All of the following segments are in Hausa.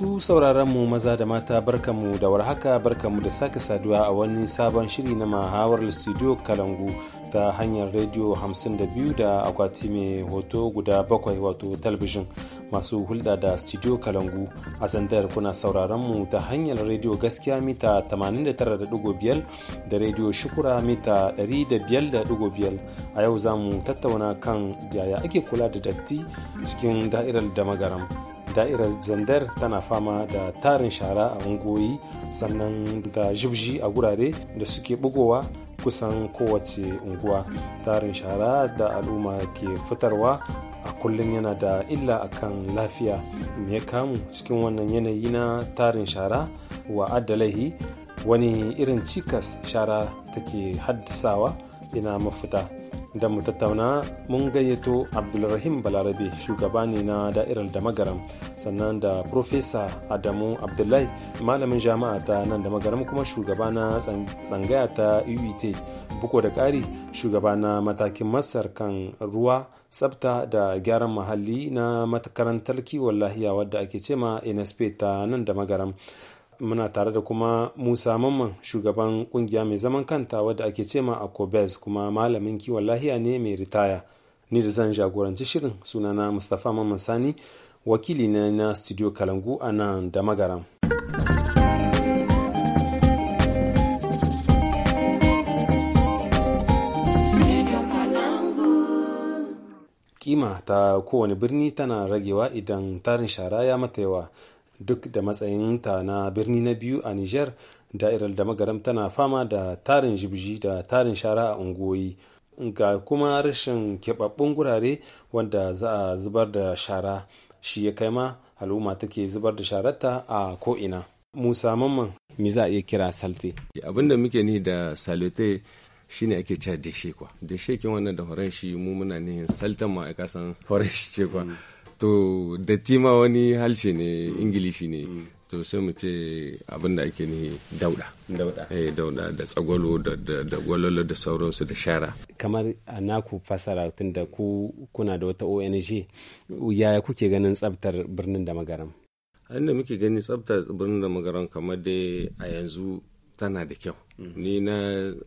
Masu mu maza da mata mu da warhaka mu da sake saduwa a wani sabon shiri na mahawar studio Kalangu ta hanyar rediyo 52 da akwati mai hoto guda bakwai wato talbijin masu hulɗa da studio Kalangu a sandar kuna mu ta hanyar rediyo gaskiya mita 89.5 da rediyo shukura mita 105.5 a yau za mu tattauna kan yaya ake kula da datti cikin da'irar da magaram da'irar zandar tana fama da tarin shara a ungoyi sannan da jibji a gurare da suke bugowa kusan kowace unguwa tarin shara da al'umma ke fitarwa a kullum yana da illa akan lafiya me kamu cikin wannan yanayi na tarin shara wa adalahi wani irin cikas shara take haddasawa ina mafita da mu tattauna mun gayyato abdulrahim balarabe shugaba ne na da'irar da magaram sannan da profesa adamu abdullahi malamin jama'a ta nan da magaram kuma shugaba na tsangaya ta uet buko da ƙari shugaba na matakin masar kan ruwa tsabta da gyaran muhalli na matakarantar kiwon lahiya wadda ake cema nsp ta nan da magaram muna tare da kuma musa mamman shugaban kungiya mai zaman kanta wadda ake cema a akobes kuma malamin kiwon lahiya ne mai ritaya ni da zan jagoranci shirin sunana mustapha mamman sani wakili na na studio kalangu a nan da magaram kima ta kowane birni tana ragewa idan tarin shara ya mata yawa duk da matsayinta na birni na biyu a nijar da'irar da magaram tana fama da tarin jibji da tarin shara a unguwoyi ga kuma rashin keɓaɓɓun gurare wanda za a zubar da shara shi ya kai ma al'umma take zubar da shararta a ko'ina musa mamman me za a iya kira salte abin muke ni da shi shine ake cewa deshe kwa deshe kin wannan da horon shi mu muna ne saltan ma horon shi ce kwa mm. to da tima wani halshe ne ingilishi ne mm. to sai mu ce abin ake ni. dauda dauda eh, da tsagwalo da da gwalolo da sauransu da shara kamar a naku fasara da ku kuna da wata ONG yaya kuke ganin tsabtar birnin da magaram inda muke gani tsabtar birnin da magaram kamar dai a yanzu tana da kyau mm. ni na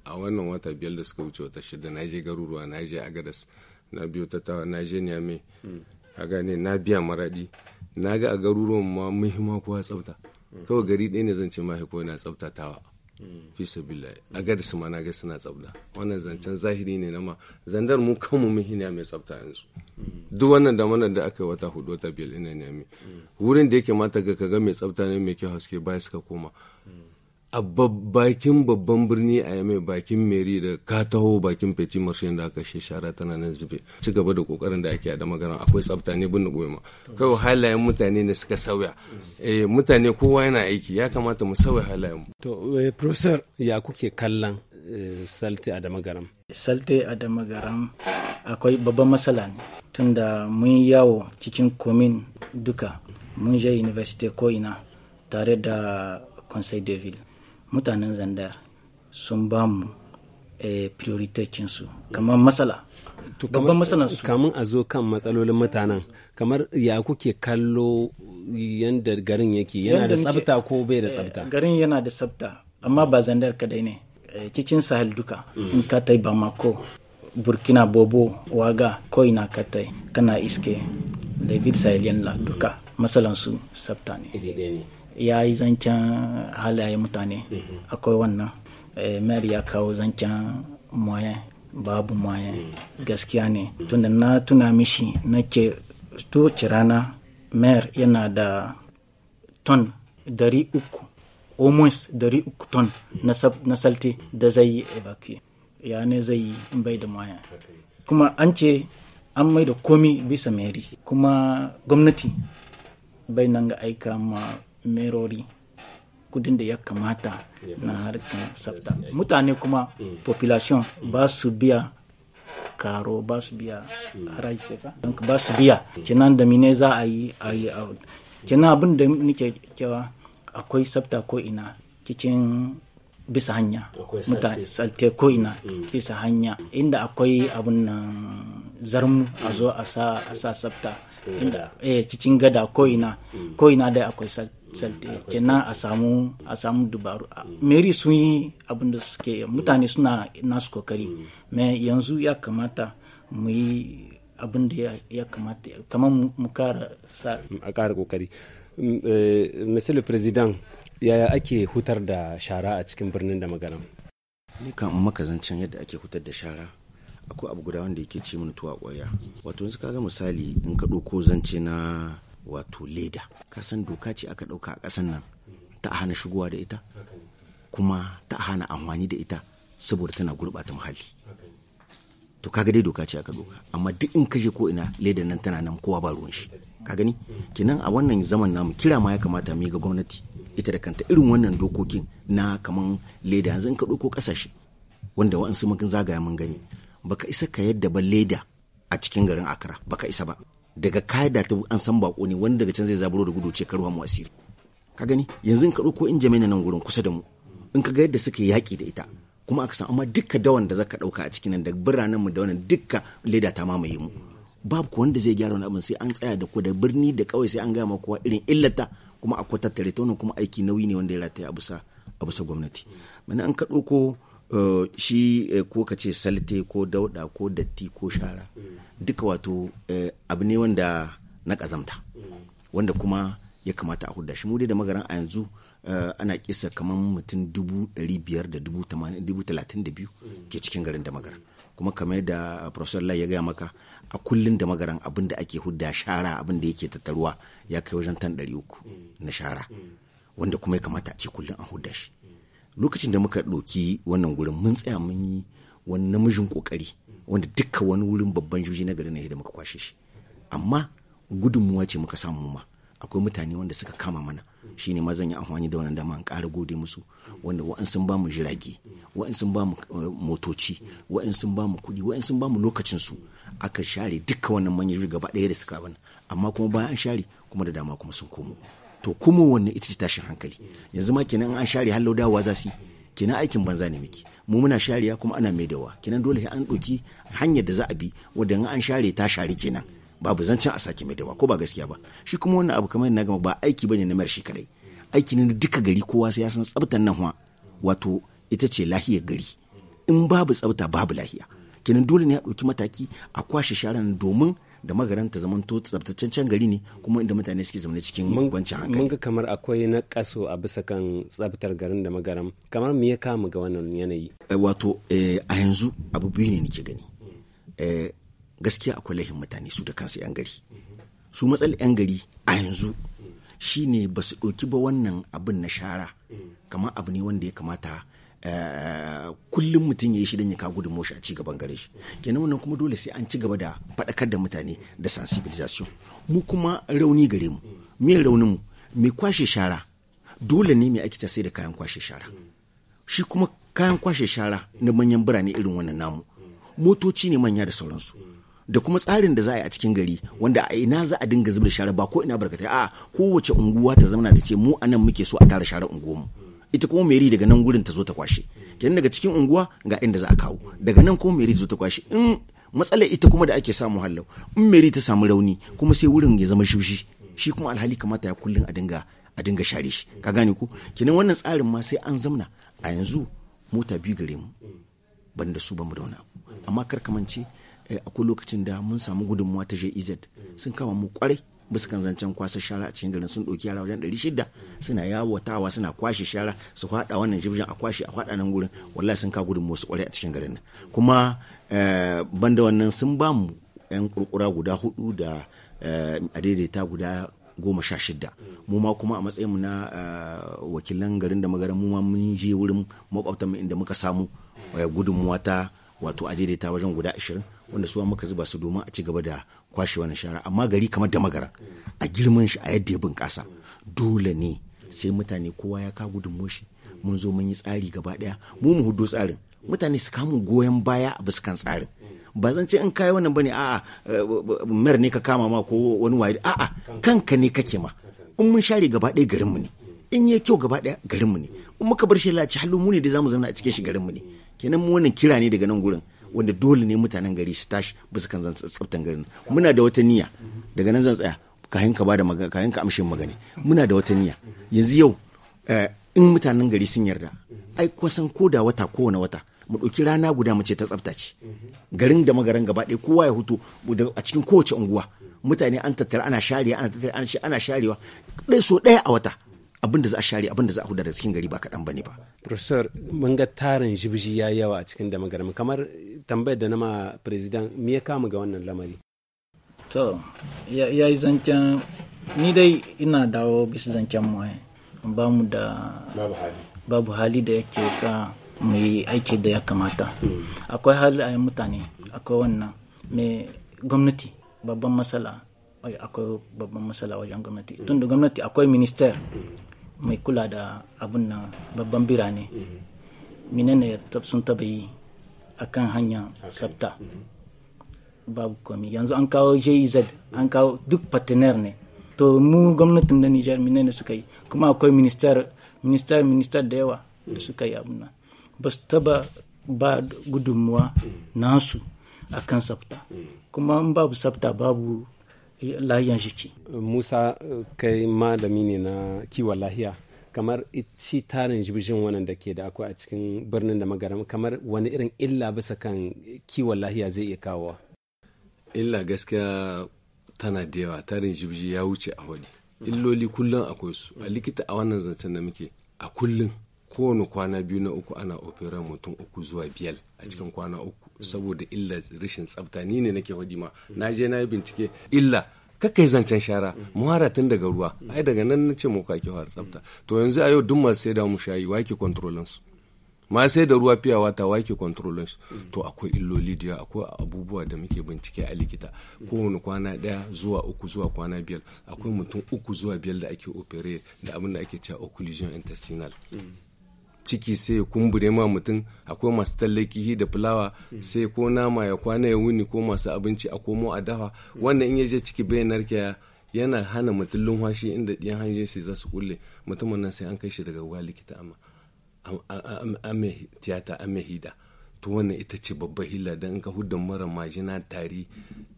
a wannan wata biyar da suka wuce wata shida na je garuruwa na je agadas na biyu ta tawa na je niamey mm. a gane na biya maraɗi na ga a garuruwan ma muhimman kowa tsafta kawai gari ɗaya ne zan ce ma kowa na tsaftatawa fi sabillahi a gada su ma na ga suna tsafta wannan zancen zahiri ne na ma zandar mu kanmu muhimmiya mai tsafta yanzu duk wannan da mana da aka yi wata hudu wata biyar ina ne wurin da yake mata ga kaga mai tsafta ne mai kyau haske baya suka koma a bakin babban birni a yamai bakin meri da ka bakin feti marshe da aka shi shara tana nan zube ci gaba da kokarin da ake da magana akwai tsafta ne bin goma kai halayen mutane ne suka sauya eh mutane kowa yana aiki ya kamata mu sauya halayen mu to eh, professor ya kuke kallon eh, salte a damagaram salte a damagaram akwai babban matsala ne tunda mun yawo cikin komin duka mun je university ko ina tare da conseil de ville mutanen zandar sun ba mu eh, su kamar matsala babban matsalar su kamun a zo kan matsalolin mutanen kamar ya kuke kallo yadda garin yake yana da tsabta ko bai da tsabta eh, garin yana da tsabta amma ba zandar kadai ne eh, cikin sahel duka mm. in ka tai bamako burkina bobo waga ko ina ka tai kana iske david sahel la duka matsalar su tsafta ne ya yi zancen halaye mutane mhm. akwai wannan eh, mayar ya kawo zancen moyen babu moyen mhm. gaskiya ne mhm. tunda na tuna mishi na ke to rana mayar yana da ton dari uku almost dari uku ton na salti da zai yi evacuate ya ne zai yi bai da moyen kuma an ce an mai da komi bisa meri kuma gwamnati bai nan ga aika ma merori kudin da ya kamata na harkar tsafta mutane kuma mm. population mm. ba su biya karo ba su biya mm. haraji don ba su biya kenan da mine za a yi a yi out kenan abin da nike cewa akwai tsafta ko ina cikin bisa hanya mutane salte ko ina bisa hanya inda akwai abun nan zarmu a zo a sa tsafta inda eh, cikin gada ko ina ko ina dai akwai tsafta salte kenan a samu a samu dubaru meri sun yi abin da suke mutane suna nasu kokari mm. me yanzu ya kamata mu yi abin da ya kamata kamar mu kara sa a kara kokari misali mm, eh, le president yaya ake hutar da shara a cikin birnin da magana ni kan makazancin yadda ake hutar da shara akwai abu guda wanda yake ci mana tuwa ƙwarya wato yanzu ga misali in ka ɗauko zance na wato leda kasan doka ce aka ɗauka a ƙasan nan ta hana shigowa da ita kuma ta hana amfani da ita saboda tana gurɓata muhalli to kaga dai doka ce aka ɗauka amma duk in kaje ko ina ledan nan tana nan kowa ba ruwan shi ka gani kinan a wannan zaman namu kira ma ya kamata mu ga gwamnati ita da kanta irin wannan dokokin na kaman leda yanzu in ka ɗauko ƙasashe wanda wa'ansu mun zagaya mun gani baka isa ka yadda ba leda a cikin garin Accra baka isa ba daga kaida ta an san bako ne wanda daga can zai zaburo da gudu ce karuwa mu asiri ka gani yanzu ka ɗauko in jami'a nan gurin kusa da mu in ka ga yadda suke yaƙi da ita kuma aka san amma dukka dawan da zaka ɗauka a cikin nan da biranen mu da wannan dukka leda ta mamaye mu babu ko wanda zai gyara wani abin sai an tsaya da ku da birni da kawai sai an gaya ma kowa irin illata kuma akwai tattare ta wannan kuma aiki nauyi ne wanda ya rataya a bisa a bisa gwamnati mana an ka ɗauko eh, shi eh, ko ka ce salte ko dauɗa ko datti ko shara duka wato eh, abu ne wanda na kazamta wanda kuma ya kamata a hudda shi mu dai da magaran a yanzu eh, ana kisa kamar mutum dubu ɗari biyar da dubu talatin da biyu ke cikin garin da magaran kuma kamar da eh, professor lai ya gaya maka a kullun da magaran abin da ake hudda shara abin da yake tattaruwa ya kai wajen tan ɗari uku na shara wanda kuma ya kamata a ce kullun a hudda shi lokacin da muka ɗauki wannan gurin mun tsaya mun yi wani namijin ƙoƙari wanda duka wani wurin babban juji na gari ne da muka kwashe shi amma gudunmuwa ce muka samu ma akwai mutane wanda suka kama mana ne ma zan yi amfani da wannan dama in ƙara gode musu wanda wa'an sun ba mu jirage wa'an sun ba mu eh, motoci wa'an sun ba mu kuɗi wa'an sun ba mu lokacin su aka share duka wannan manyan jirgi gaba ɗaya da suka bana amma kuma bayan an share kuma da dama kuma sun komo to kuma wannan ita ce tashin hankali yanzu ma kenan an share hallo dawowa za su yi kenan aikin banza ne muke. mu muna shariya kuma ana dawa kenan dole an ɗauki hanyar da za a bi wadda an share ta share kenan babu zancen a sake dawa ko ba gaskiya ba shi kuma wannan abu kamar na gama ba aiki bane na marshi shi kadai aiki ne duka gari kowa sai ya san tsabtan nan wato ita ce lahiyar gari in babu tsabta babu lahiya kenan dole ne a ɗauki mataki a kwashe sharan domin da magaran ta zamanto tsabtaccen gari ne kuma inda mutane suke zama cikin kwanciyar hankali mun ga kamar akwai na kaso a bisa kan tsabtar garin da magaram kamar me ya kama ga wannan yanayi eh, wato eh, a yanzu abu biyu ne nake gani eh, gaskiya akwai lahin mutane su da kansu yan gari su matsalar yan gari a yanzu shine ba su ɗauki ba wannan abin na shara kamar abu ne wanda ya kamata Eh, kullum mutum ya yi shi don ya kawo gudunmawar shi a ci gaban gare shi kenan wannan kuma dole sai an ci gaba da faɗakar da mutane da sensibilisation mu kuma rauni gare mu me raunin mu me kwashe shara dole ne me ake ta sai da kayan kwashe shara shi kuma kayan kwashe shara na manyan birane irin wannan namu motoci ne manya da sauransu da kuma tsarin da za a yi a cikin gari wanda a ina za a dinga zubar shara ba ko ina barkatai a kowace unguwa ta zama ta ce mu anan muke so a tara shara unguwa mu ita kuma meri daga nan gurin ta zo ta kwashe kenan daga cikin unguwa ga inda za a kawo daga nan kuma meri zo ta kwashe in matsalar ita kuma da ake samu hallau in meri ta samu rauni kuma sai wurin ya zama shushi shi kuma alhali kamata ya kullum a dinga a dinga share shi ka gane ko kenan wannan tsarin ma sai an zamna a yanzu mota biyu gare mu ban da su bamu da wani abu amma kar kamance eh, akwai lokacin da mun samu gudunmuwa ta JEZ sun kama mu kwarai biskan zancen kwasa shara a cikin garin sun ɗauki yara wajen ɗari shida suna yawatawa suna kwashe shara su faɗa wannan jibjin a kwashe a faɗa nan gurin wallahi sun ka gudun su kwarai a cikin garin nan kuma eh, banda wannan sun ba mu yan kurkura guda hudu da eh, a daidaita guda goma sha shida mu ma kuma a matsayinmu na eh, wakilan garin da magaran mu ma mun je wurin mu inda muka samu gudunmuwa ta wato a daidaita wajen guda ashirin wanda suwa muka zuba su domin a ci gaba da kwashe wani shara amma gari kamar da magara a girman shi a yadda ya bunƙasa dole ne sai mutane kowa ya ka gudun shi mun zo mun yi tsari gaba daya mu mu hudu tsarin mutane su kamun goyon baya a biskan tsarin ba zan ce in kai wannan bane a'a eh, mer ne ka kama ma ko wani waye a'a kanka ne kake ma in mun share gaba garin mu ne in ya kyau gaba garin mu ne in muka bar shi lalace halin mu ne da zamu zauna a cikin shi mu ne kenan mu wannan kira ne daga nan gurin wanda dole ne mutanen gari su tashi bisa kan zan tsaftan garin muna da wata niyya daga nan zan tsaya kayan ka bada magana kahin ka amshin magani muna da wata niyya yanzu yau eh, in mutanen gari sun yarda ai kusan ko da wata kowane wata mu ɗauki rana guda mu ce ta tsafta ce garin da magaran gaba ɗaya kowa ya hutu a cikin kowace unguwa mutane an tattara ana sharewa ana tattara ana sharewa ɗaya so ɗaya a wata abin da za a share abin da za a huda da cikin gari ba kaɗan bane ba. Professor mun ga tarin jibji ya yawa a cikin garmi kamar tambayar da na ma president me ya kama ga wannan lamari. To ya yi zancen ni dai ina dawo bisa zancen mu eh. ba mu da babu hali da yake sa mu yi aiki da ya kamata. Hmm. Akwai hali a mutane akwai wannan me gwamnati babban matsala akwai babban matsala wajen gwamnati hmm. tunda gwamnati akwai minister hmm. mai kula da abun nan babban birane mm-hmm. menene sun taba yi a kan hanya sabta mm-hmm. babu komi yanzu an kawo jez an kawo duk partner ne to mu gwamnatin da nijar menene suka yi kuma akwai minister minister minister da yawa da mm-hmm. suka yi abun nan ba su taba ba gudunmuwa nasu a kan sabta kuma in babu sabta babu lahiyan jiki musa kai malami ne na kiwon lahiya kamar shi tarin jibjin wannan da ke da akwai a cikin birnin da magaram kamar wani irin illa bisa kan kiwon lahiya zai iya kawo illa gaskiya tana da yawa tarin jibji ya wuce a wani illoli kullum akwai su a likita a wannan zancen da muke a kullum kowane kwana biyu na uku ana operan mutum uku zuwa biyar a cikin kwana uku Mm. saboda illa rashin tsafta ni ne nake hodi ma na je na yi bincike illa kakai zancen shara muhara tun daga ruwa ai daga nan na ce mu kake har tsafta to yanzu a yau duk masu sai da mu shayi wake kontrolin su ma sai da ruwa fiyawa ta wake kontrolin su mm. to akwai illoli da akwai abubuwa da muke bincike a likita mm. kowane kwana daya zuwa uku zuwa kwana biyar akwai mutum uku zuwa biyar da ake opere da abin da ake cewa occlusion intestinal ciki sai ya kumbure ma mutum akwai masu tallaki da fulawa sai ko nama ya kwana ya wuni ko masu abinci a komo a dafa wannan in ya je ciki bai narke yana hana mutum lumfashi inda ɗiyan hanjin sai za su kulle mutumin nan sai an kai shi daga ruwa likita amma tiyata mai hida to wannan ita ce babbar hila da in ka hudda mara majina tari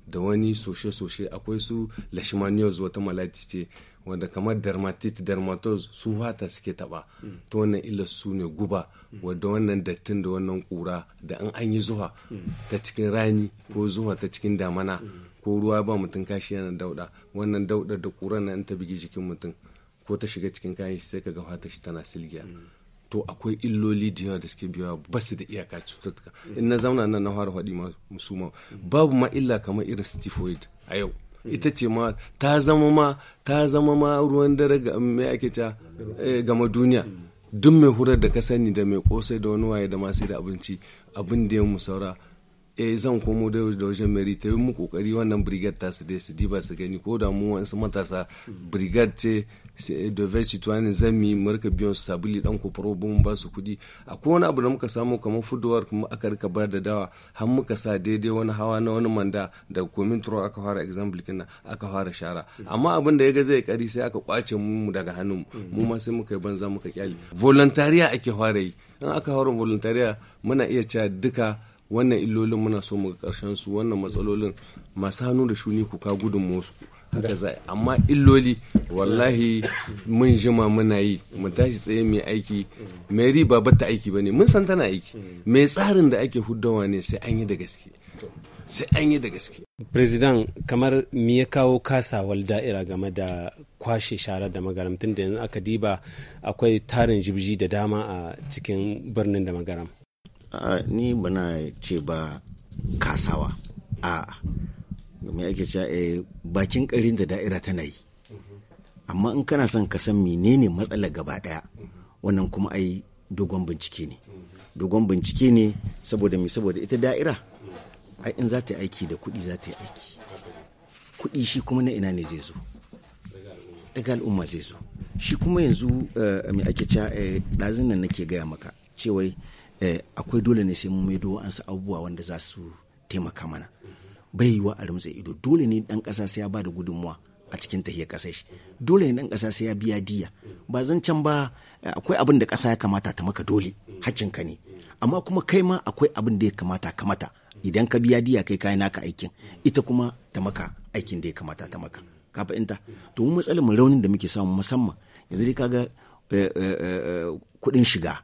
da wani soshe-soshe akwai su leishmanios wata malati ce wanda kamar dermatitis dermatos su fata suke taba to wannan illar su ne guba wadda wannan dattin da wannan kura da an an yi zuwa ta cikin rani ko zuwa ta cikin damana ko ruwa ba mutum kashi yana dauda wannan dauda da kura na ta bigi jikin mutum ko ta shiga cikin kayan shi sai ka ga fata shi tana silgiya to akwai illoli da yawa da suke biyawa ba su da iyaka cututtuka in na zauna nan na fara faɗi musu ma babu ma illa kamar irin stifoid a yau ita ce ma ta zama ma ta zama ma ruwan dare ga me ake ta eh, gama duniya duk mai hurar da ka sani da mai kosai da wani waye da sai da abinci abin da ya mu saura eh zan komo da da wajen mari ta yi mu kokari wannan brigade ta su dai su diba su gani ko da mu wasu matasa brigade ce da vai citoyen zami marka biyan su sabuli dan kofaro bin mu ba su kuɗi akwai wani abu da muka samu kamar fuduwar kuma aka rika bar da dawa har muka sa daidai wani hawa na wani manda da komin turo aka fara example kina aka fara shara amma abin da ya ga zai kari sai aka kwace mu daga hannun mu ma sai muka yi banza muka kyale volontariya ake fara yi in aka fara volontariya muna iya cewa duka wannan illolin muna so mu ga karshen su wannan matsalolin masu hannu da shuni ku ka gudun su haka amma illoli wallahi mun jima muna yi mu tashi tsaye mai aiki mai riba ba ta aiki bane mun san tana aiki mai tsarin da ake huddawa ne sai an yi da gaske sai an yi da gaske president kamar me ya kawo kasawar da'ira game da kwashe shara da magaram tun da yanzu aka diba akwai tarin jibji da dama a cikin birnin da magaram ni bana ce ba kasawa a me ake cewa eh, bakin karin da da'ira tana yi amma in kana son ka san menene matsalar gaba daya wannan kuma ai dogon bincike ne dogon bincike ne saboda me saboda ita da'ira ai in za ta yi aiki da kuɗi za ta yi aiki kuɗi shi kuma na ina ne zai zo daga al'umma zai zo shi kuma yanzu eh, me ake cewa eh, ɗazin nan nake gaya maka cewai akwai dole ne sai mu maido an abubuwa wanda za su taimaka mana bai yiwa a rumtse ido dole ne dan kasa sai ya ba da gudunmuwa a cikin tahiyar kasar shi dole ne dan kasa sai ya biya diya ba zan can ba akwai abin da kasa ya kamata ta maka dole ka ne amma kuma kai ma akwai abin da ya kamata kamata idan ka biya diya kai kai naka aikin ita kuma ta maka aikin da ya kamata ta maka ka fahimta to mu matsalar raunin da muke samu musamman yanzu dai kaga eh, eh, eh, kuɗin shiga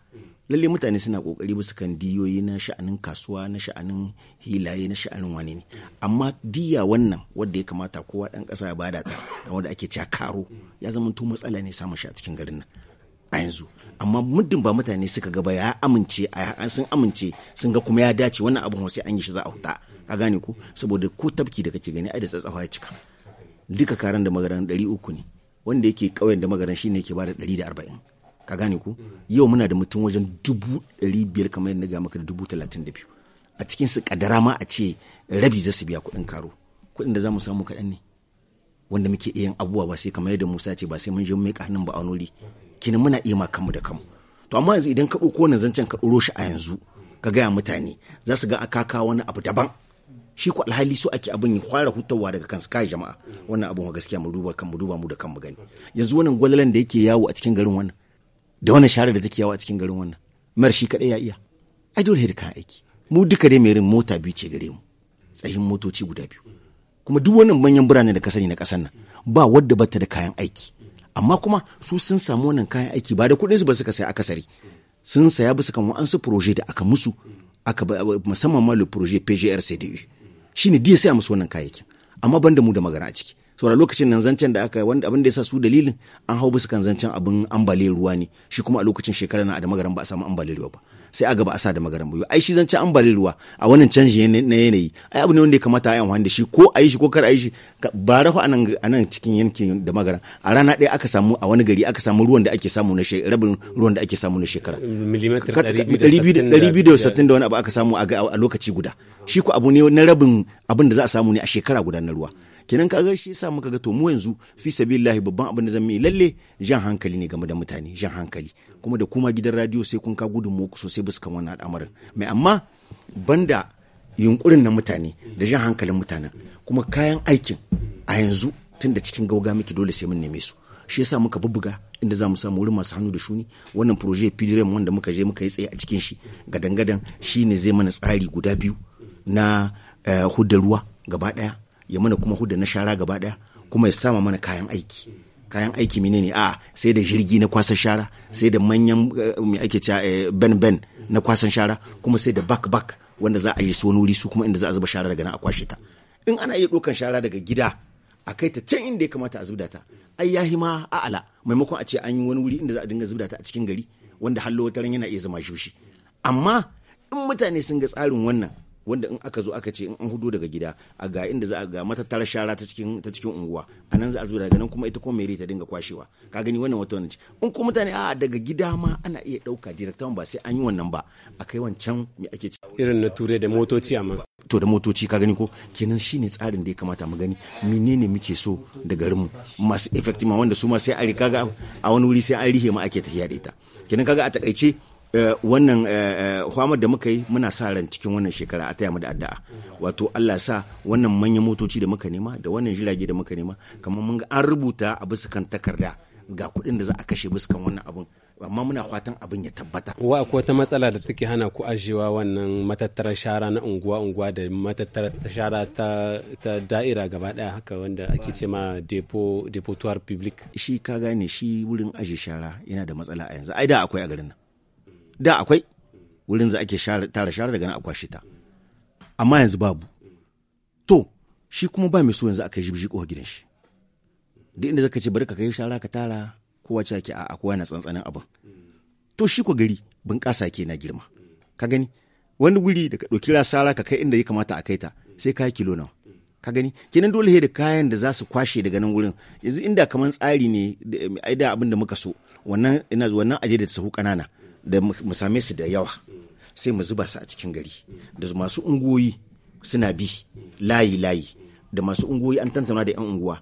lalle mutane suna kokari su kan diyoyi na sha'anin kasuwa na sha'anin hilaye na sha'anin wani ne amma diya wannan wadda ya kamata kowa dan kasa ya bada ta kamar da ake cewa karo ya zama to matsala ne samun shi a cikin garin nan a yanzu amma muddin ba mutane suka ga ba ya amince a sun amince sun ga kuma ya dace wannan abun sai an yi shi za a huta a gane ku saboda ko tafki da kake gani ai da tsatsawa ya cika duka karan da magaran 300 ne wanda yake kauyen da magaran shine yake bada 140 ka gane ku yau muna da mutum wajen dubu ɗari biyar kamar yadda ga maka da dubu talatin da biyu a cikin su kadara ma a ce rabi za su biya kuɗin karo kuɗin da za mu samu kaɗan ne wanda muke iya yin abubuwa ba sai kamar yadda Musa ce ba sai mun je mu miƙa hannun ba a nuri kina muna iya ma kanmu da kanmu to amma yanzu idan ka ɗauko wannan zancen ka ɗoro shi a yanzu ka gaya mutane za su ga a kaka wani abu daban shi ko alhali so ake abin ya fara hutawa daga kansu kai jama'a wannan abin wa gaskiya mu duba kan mu duba mu da kan gani yanzu wannan gwalalan da yake yawo a cikin garin wannan da wannan share da take yawo a cikin garin wannan mar shi kaɗai ya iya ai dole da kayan aiki mu duka dai mai rin mota biyu ce gare mu tsayin motoci guda biyu kuma duk wannan manyan birane da ka sani na kasan nan ba wadda bata da kayan aiki amma kuma su sun samu wannan kayan aiki ba da kuɗin su ba suka saya akasari sun saya bisa kan wa'ansu proje da aka musu aka musamman ma le proje PGRCDU shine diya sai musu wannan kayayyakin amma banda mu da magana a ciki saboda lokacin nan zancen da aka wanda abin da ya sa su dalilin an hau bisa kan zancen abin ambaliyar ruwa ne shi kuma a lokacin shekarar na da magaran ba a samu ambaliyar ruwa ba sai a gaba a sa da magaran ba ai shi zancen ambaliyar ruwa a wannan canji na yanayi ai abu ne wanda ya kamata a yi amfani da shi ko a yi shi ko kar a yi shi ba rahu a nan cikin yankin da magaran a rana ɗaya aka samu a wani gari aka samu ruwan da ake samu na rabin ruwan da ake samu na shekara milimetar 260 da wani abu aka samu a lokaci guda shi ko abu ne na rabin abin da za a samu ne a shekara guda na ruwa kenan ga shi yasa muka ga to mu yanzu fi sabilillahi babban abin da zan yi lalle jan hankali ne game da mutane jan hankali kuma da kuma gidan radio sai kun ka gudun ku sosai buskan wannan al'amarin mai amma banda yunkurin na mutane da jan hankalin mutanen kuma kayan aikin a yanzu tun da cikin gauga miki dole sai mun neme su shi yasa muka bubbuga inda za mu samu wurin masu hannu da shuni wannan proje pdrm wanda muka je muka yi tsaye a cikin shi gadan-gadan shi ne zai mana tsari guda biyu na eh, hudda ruwa gaba daya ya mana kuma hudu na shara gaba daya kuma ya sama mana kayan aiki kayan aiki menene a sai da jirgi na kwasan shara sai da manyan eh, mai ake cewa eh, ben ben na kwasan shara kuma sai da bak bak wanda za a yi su wani su kuma inda za a zuba shara daga nan a kwashe ta in ana iya ɗaukan shara daga gida a kai ta can inda ya kamata a zubda ta ai yahi ma a'ala maimakon a ce an yi wani wuri inda za a dinga zubda a cikin gari wanda hallo wataran yana iya zama shushi amma in mutane sun ga tsarin wannan wanda in aka zo aka ce in an hudu daga gida a ga inda za a ga matattara shara ta cikin ta cikin unguwa a nan za a zo daga nan kuma ita ko mai ta dinga kwashewa ka gani wannan wata wannan in ko mutane a daga gida ma ana iya dauka direct ba sai an yi wannan ba a kai wancan me ake ci irin na ture da motoci amma to da motoci ka gani ko kenan shine tsarin da ya kamata mu gani menene muke so da garinmu masu effective wanda su ma sai a kaga a wani wuri sai an rihe ma ake tafiya da ita kenan kaga a takaice Eh, wannan kwamar eh, eh, da muka yi muna sa ran cikin wannan shekara a taya mu da addu'a wato Allah sa wannan manyan motoci da muka nema da wannan jirage da muka nema kamar mun ga an rubuta a bisa kan takarda ga kuɗin da za a kashe bisa kan wannan abun amma muna fatan abin ya tabbata. Wa akwai wata matsala da take hana ku ajiyewa wannan matattarar shara na unguwa unguwa da matattarar shara ta, ta da'ira gaba daya haka wanda ake ce ma depo depotoir public. Shi ka gane shi wurin ajiye shara yana da matsala a yanzu. Ai da akwai a garin nan. da akwai wurin za ake tara shara daga nan a kwashe ta amma yanzu babu to shi kuma ba mai so yanzu aka yi ko gidan shi duk inda zaka ce bari ka kai shara ka tara kowa ce ake a kowa na tsantsanin abin to shi ko gari bunƙasa ke na girma ka gani wani wuri da ka ɗauki rasara ka kai inda ya kamata a kai ta sai ka kilo nawa ka gani kenan dole da kayan da za su kwashe daga nan wurin yanzu inda kamar tsari ne ai da abin da muka so wannan ina wannan aje da sahu kanana da mu same su da yawa sai mu zuba su a cikin gari da masu unguwoyi suna bi layi layi da masu unguwoyi an tantana da 'yan unguwa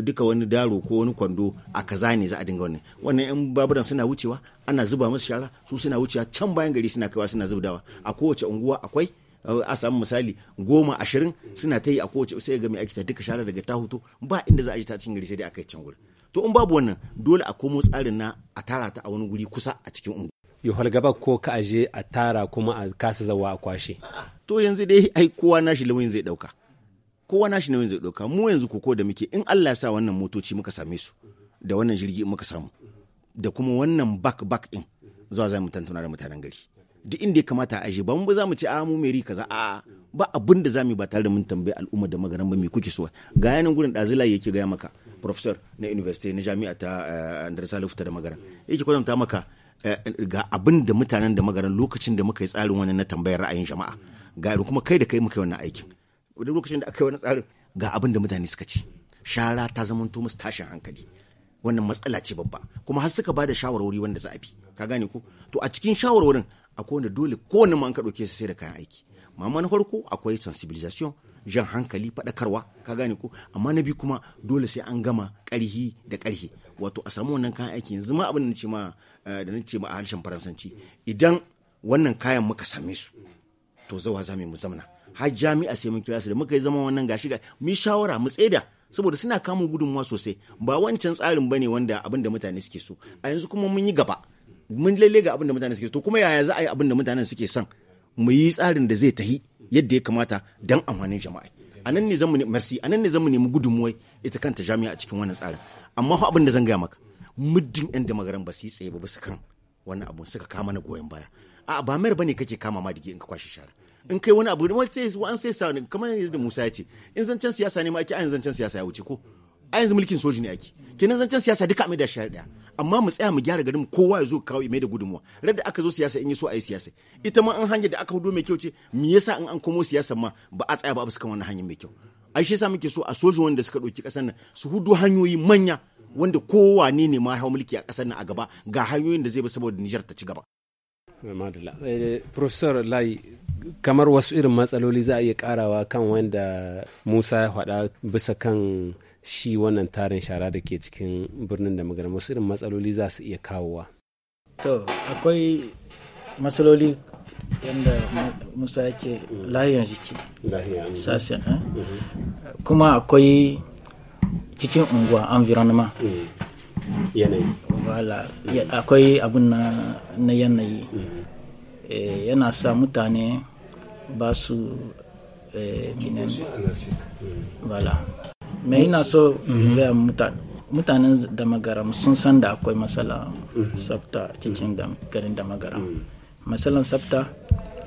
duka wani, daro ko wani kwando a kaza ne za a dinga wannan wannan 'yan baburan suna wucewa ana zuba musu shara su suna wucewa can bayan gari suna kaiwa suna zubdawa a kowace unguwa akwai a samu misali goma ashirin suna ta yi a kowace sai ga mai aikita duka shara daga ta hoto ba inda za a ji ta cikin gari sai dai a kai can gurin to in babu wannan dole a komo tsarin na a tara ta a wani wuri kusa a cikin unguwa. yohal gaba ko ka aje a tara kuma a kasa zawa a kwashe to yanzu dai ai kowa nashi lauyin zai dauka kowa nashi nauyin zai dauka mu yanzu ko da muke in Allah ya sa wannan motoci muka same su da wannan jirgi muka samu da kuma wannan bak bak din zuwa za mu tantuna da mutanen gari duk inda ya kamata a ba mu za mu ci a mu meri kaza a ba abin da za mu ba tare da mun tambayi al'umma da magaran ba me kuke so ga yanin gurin dazila yake gaya maka professor na university na jami'a ta eh, Andar Salif ta da magaran yake kwatanta maka eh, ga abin da mutanen da magaran lokacin da muka yi tsarin wannan na tambayar ra'ayin jama'a ga kuma kai da kai muka yi wannan aikin duk lokacin da aka yi wani tsarin ga abin da mutane suka ci shara ta to musu tashin hankali wannan matsala ce babba kuma har suka ba da shawarwari wanda za a bi ka gane ko to a cikin shawarwarin akwai wanda dole kowane ma an ka su sai da kayan aiki amma na farko akwai sensibilisation jan hankali faɗakarwa ka gane ko amma na biyu kuma dole sai an gama ƙarhi da ƙarhi wato a samu wannan kayan aiki yanzu ma abin eh, da na ce ma a harshen faransanci idan wannan kayan muka same su to zawa za mu zamana har jami'a sai mun kira su da muka yi zama wannan gashi ga mu shawara mu tsaida saboda suna kamun gudunmuwa sosai ba wancan tsarin bane wanda abin da mutane suke so a yanzu kuma mun yi gaba mun lalle ga abin da mutane suke to kuma yaya za a yi abin da mutanen suke son mu yi tsarin da zai tahi yadda ya kamata dan amfanin jama'a a nan ne zamu merci a nan ne zamu mu gudunmuwai ita kanta jami'a a cikin wannan tsarin amma fa abin da zan gaya maka muddin yan damagaran ba su yi tsaye ba su kan wannan abun suka kama na goyon baya a'a ba mayar bane kake kama ma dige in ka kwashe shara in kai wani abu wani sai an sai sa kamar yadda Musa ya ce in zancen siyasa ne ma ake ayin zancen siyasa ya wuce ko a yanzu mulkin soji ne ake kenan zancen siyasa duka mai da shari'a daya amma mu tsaya mu gyara garin kowa ya zo kawo mai da gudunmuwa da aka zo siyasa in yi so a yi siyasa ita ma an hanyar da aka hudu mai kyau ce me yasa in an komo siyasa ma ba a tsaya ba su kan wannan hanyar mai kyau ai shi yasa muke so a soji wanda suka ɗauki ƙasar nan su hudu hanyoyi manya wanda kowa ne ne ma hau mulki a ƙasar nan a gaba ga hanyoyin da zai bi saboda Nijar ta ci gaba eh, madala eh, professor lai kamar wasu irin matsaloli za a iya karawa kan wanda musa ya faɗa bisa kan shi wannan tarin shara da ke cikin birnin da magaram wasu irin matsaloli za su iya kawowa to akwai matsaloli yadda musa yake mm. layin jiki mm. sashen eh? mm-hmm. kuma akwai cikin unguwa environment mm. yanayi wala akwai abin na yanayi eh, yana sa mutane ba su eh, wala me ina so mhm. ga mutane mutanen da sun san da akwai matsala mhm. sabta cikin garin da magaram mhm. matsalan sabta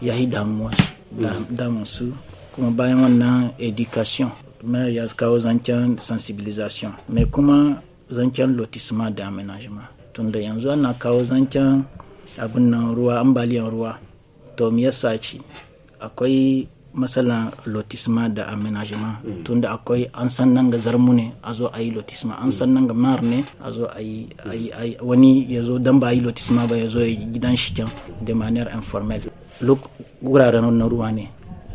ya yi damun su kuma bayan wannan education mai ya kawo zancen sensibilisation mai kuma zancen lotisma da amenajima tunda yanzu ana kawo zancen abin nan ruwa ambaliyan ruwa to me yasa ci akwai matsalan lotisma da amenajima tunda akwai an san nan ga zarmu ne a zo a yi lotisma an san nan ga mar ne a zo a yi wani ya zo dan ba yi lotisma ba ya zo ya gidan shi kyan de manière informelle luk wuraren na ruwa ne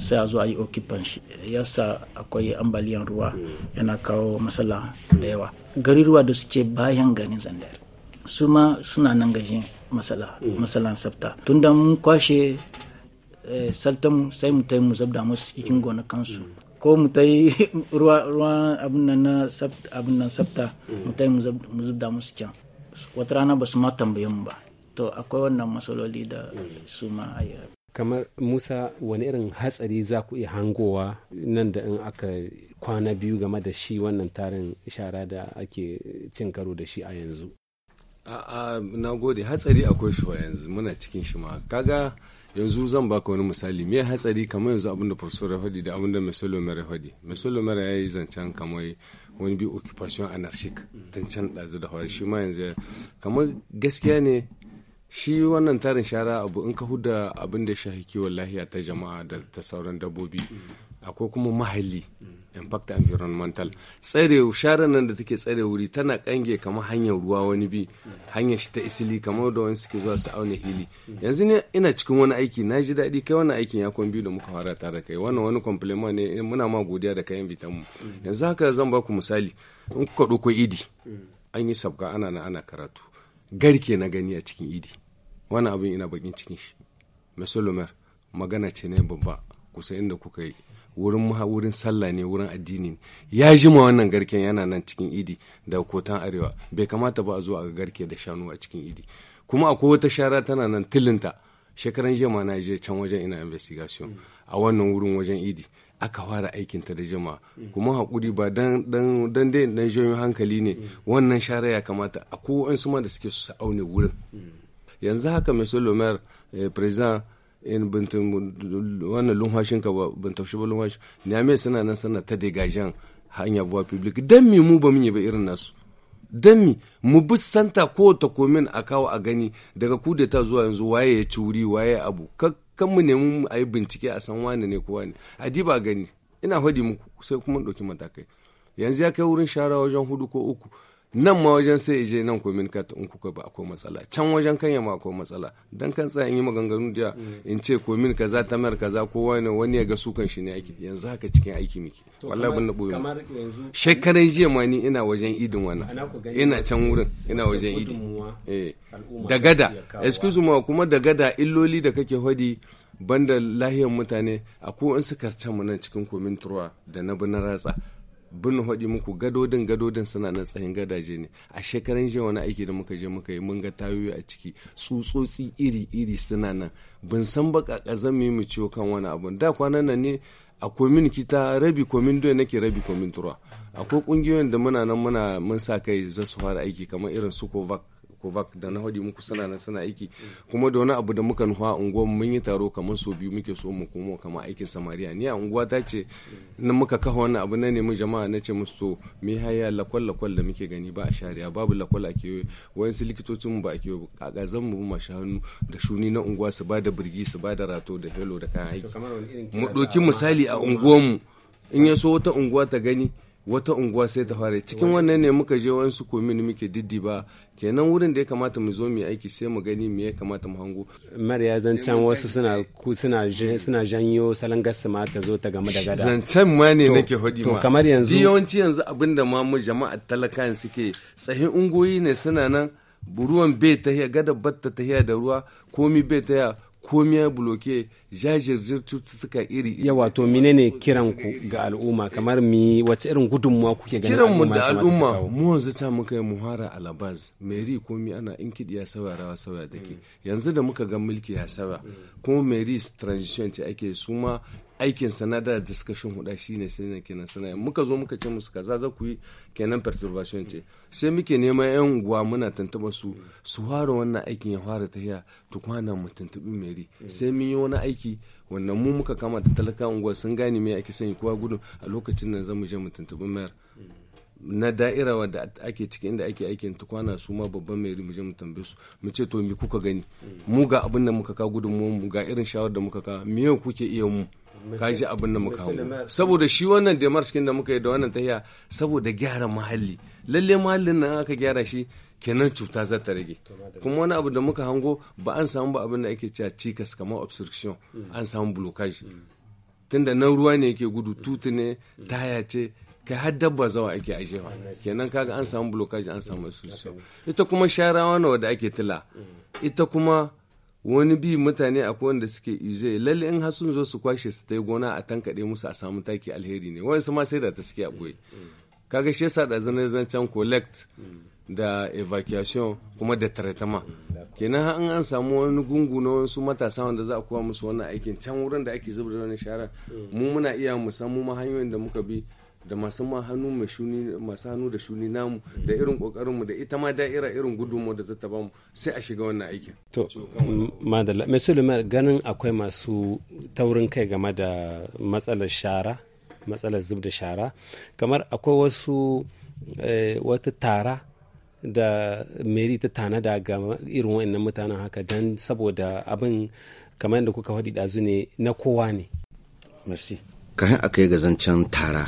sai a zo a yi okipan shi yasa akwai ambaliyan ruwa yana kawo matsala da yawa gari ruwa da suke bayan ganin zandar su ma suna nan gajin matsala matsalan sabta tunda mun kwashe Eh, saltan sai mu tai mu zabda musu cikin gonakansu ko mu ta yi ruwa abin nan na sabta abin nan sabta mu yi mu zabda musu can wata rana ba su ma tambayen ba to akwai wannan matsaloli da su ma kamar musa wani irin hatsari za ku iya hangowa nan da in aka kwana biyu game da shi wannan tarin shara da ake cin karo da shi a yanzu a na gode hatsari akwai shi yanzu muna cikin shi ma kaga yanzu zan baka wani misali me hatsari kamar yanzu da professor ya faɗi da abin mai solomar ya faɗi mai solomar ya yi zancen kamar wani bi occupation anarchic tancan ɗazu da hawar shi ma yanzu kamar gaskiya ne shi wannan tarin shara abu in ka huda abin da shahi kiwon lahiya ta jama'a da ta sauran dabbobi akwai kuma mahalli impact environmental tsare sharan nan da take tsare wuri tana kange kamar hanyar ruwa wani bi hanyar shi ta isili kamar da wani suke zuwa su auna hili yanzu ne ina cikin wani aiki na ji daɗi kai wannan aikin ya kwan biyu da muka fara tare kai wannan wani compliment ne muna ma godiya da kayan bitan mu yanzu haka zan ba ku misali in kuka ɗauko idi an yi sabga ana na ana karatu garke na gani a cikin idi wani abin ina bakin cikin shi mesolomer magana ce ne babba kusa inda kuka yi wurin maha wurin sallah ne wurin addini ne ya ma wannan garken yana nan cikin idi da kotan arewa bai kamata ba a zo a ga garke da shanu a cikin idi kuma akwai wata shara tana nan tilinta shekaran jema na je can wajen ina investigation a wannan wurin wajen idi aka fara aikinta da jama'a kuma hakuri ba dan dan dan dai joyin hankali ne wannan shara ya kamata a kowansu ma da suke su aune wurin yanzu haka mai solomar eh, president in bintin wannan lumfashin ka ba bin taushi ba suna nan suna ta degajen hanya vuwa public dan mi mu ba mun yi ba irin nasu dan mi mu bi santa ko ta komin a kawo a gani daga ta zuwa yanzu waye ya ci wuri waye abu kan mu nemi a ayi bincike a san wane ne ko wane a ba gani ina hadi muku sai kuma ɗauki matakai yanzu ya kai wurin shara wajen hudu ko uku nan ma wajen sai ije nan komin kat in kuka ba akwai matsala can wajen kan ma akwai matsala dan kan tsaya in yi maganganu da in ce komin kaza ta mayar kaza ko wani wani ya ga su kan shi ne aiki yanzu haka cikin aiki miki wallahi ban na yanzu shekaran jiya ma ni ina wajen idin wannan ina can wurin ina wajen idin. eh da gada excuse me kuma da gada illoli da kake hodi banda lahiyar mutane akwai in su karce mu nan cikin komin turwa da na bi na ratsa bin haɗi muku gadodin gadodin suna nan tsayin gadaje ne a shekaran jiya wani aiki da muka je muka yi mun ga tayoyi a ciki tsutsotsi iri iri suna nan ban san baka ƙazan mu mu ciwo kan wani abu da kwanan nan ne a komin kita rabi komin doya nake rabi komin tura akwai ƙungiyoyin da muna nan muna mun sa kai za su fara aiki kamar irin su kovac da na hadi muku suna na suna aiki kuma da wani abu da muka nufa unguwar mun yi taro kamar so biyu muke so mu komo kama aikin samariya ni a unguwa ta ce na muka kafa wani abu na nemi jama'a na ce musu to me haya lakwal lakwal da muke gani ba a shari'a babu lakwal a kewaye wayansu likitocin ba a kewaye zan mu ma hannu da shuni na unguwa su ba da birgi su ba da rato da helo da kayan aiki mu ɗauki misali a mu in ya so wata unguwa ta gani wata unguwa sai ta fara cikin wannan ne muka je wasu komin muke diddi ba kenan wurin da ya kamata mu zo mu yi aiki sai mu gani me ya kamata mu hango mariya zancen wasu suna ku suna suna janyo salon gasa ma ta zo ta game da gada zancen ma ne nake hodi ma yanzu yawanci yanzu abinda ma mu jama'a talakan suke tsahin ungoyi ne suna nan ruwan bai tahiya gada batta tahiya da ruwa komi bai tahiya komi ya buloke jajirjir cututtuka iri ya wato menene kiran ku ga al'umma kamar mi wace irin gudunmuwa kuke ganin kiran mu da al'umma mu yanzu ta muka yi muhara alabaz meri komi ana in kidi ya sauya rawa sawa take mm. yanzu da muka ga mulki ya sauya kuma meri transition ce ake suma aikinsa na da discussion huda ne sai kenan sanayi muka zo muka ce musu kaza za ku yi kenan perturbation ce sai muke neman yan unguwa muna tantaba su su fara wannan aikin ya fara hiya to kwana mu tantabi meri sai mun yi wani aiki wannan mu muka kama da talaka unguwa sun gane me ake sanya kowa gudu a lokacin nan zamu je mu tantabi mayar na da'ira wadda ake ciki inda ake aikin tukwana su ma babban mai mu je mu tambaye su mu ce to mi kuka gani mu ga abin da muka ka gudun mu ga irin shawar da muka ka me kuke iya mu ka ji abin da muka hango saboda shi wannan cikin da muka yi da wannan tahiya saboda gyara mahalli lalle mahallin nan aka gyara shi kenan cuta za ta rage kuma wani abu da muka hango ba an samu ba abin da ake cewa cikas kamar obstruction mm. an samu blockage mm. tunda nan ruwa ne yake gudu mm. tutu ne taya ce kai har dabba zawa ake ajewa kenan kaga an samu blockage an samu obstruction ita kuma sharawa nawa da ake tila ita kuma wani bi mutane akwai wanda suke ize lalle in har sun zo su kwashe su ta gona a tankaɗe musu a samu taki alheri ne wani ma sai da ta suke akwai kaga shi yasa da zancen collect da evacuation kuma da taraitama kenan in an samu wani gungu na wasu matasa wanda za a kowa musu wannan aikin can wurin da ake zubar da wani shara mu muna iya mu hanyoyin da muka bi da masu ma hannu mai shuni masu hannu da shuni namu da irin kokarinmu da ita ma da'ira irin gudunmu da zata bamu sai a shiga wannan aikin to madalla mai sulumar ganin akwai masu taurin kai game da matsalar shara matsalar zub da shara kamar akwai wasu eh, wata tara da meri ta tanada ga irin wa'annan mutanen haka don saboda abin kamar yadda kuka faɗi ɗazu ne na kowa ne merci kayan aka yi ga zancen tara